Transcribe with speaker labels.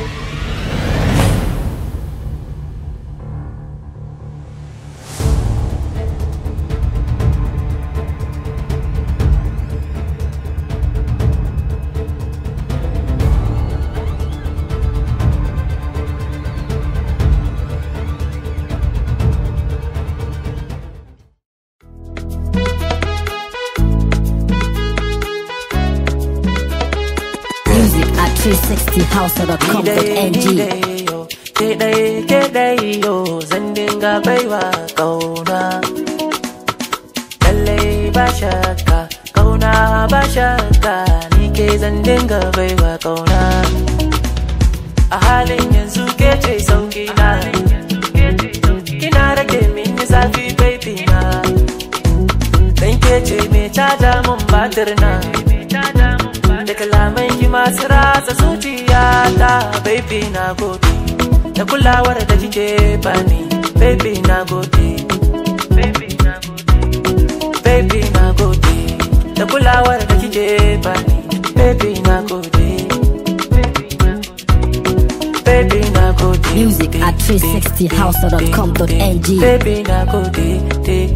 Speaker 1: Thank you. 360 house of the comfort NG.
Speaker 2: Ke dai yo zan dinga kauna Lalle ba kauna ba shakka ni ke kauna A yanzu ke sauki na Kina rage min zafi baby na Dan ke me caja mun batir na Da masu ratsa zuciyata baby na gode da kulawar da kike bani baby na gode baby na gode baby na gode da kulawar da kike bani baby na gode baby na
Speaker 1: gode music at 360house.com.ng baby na gode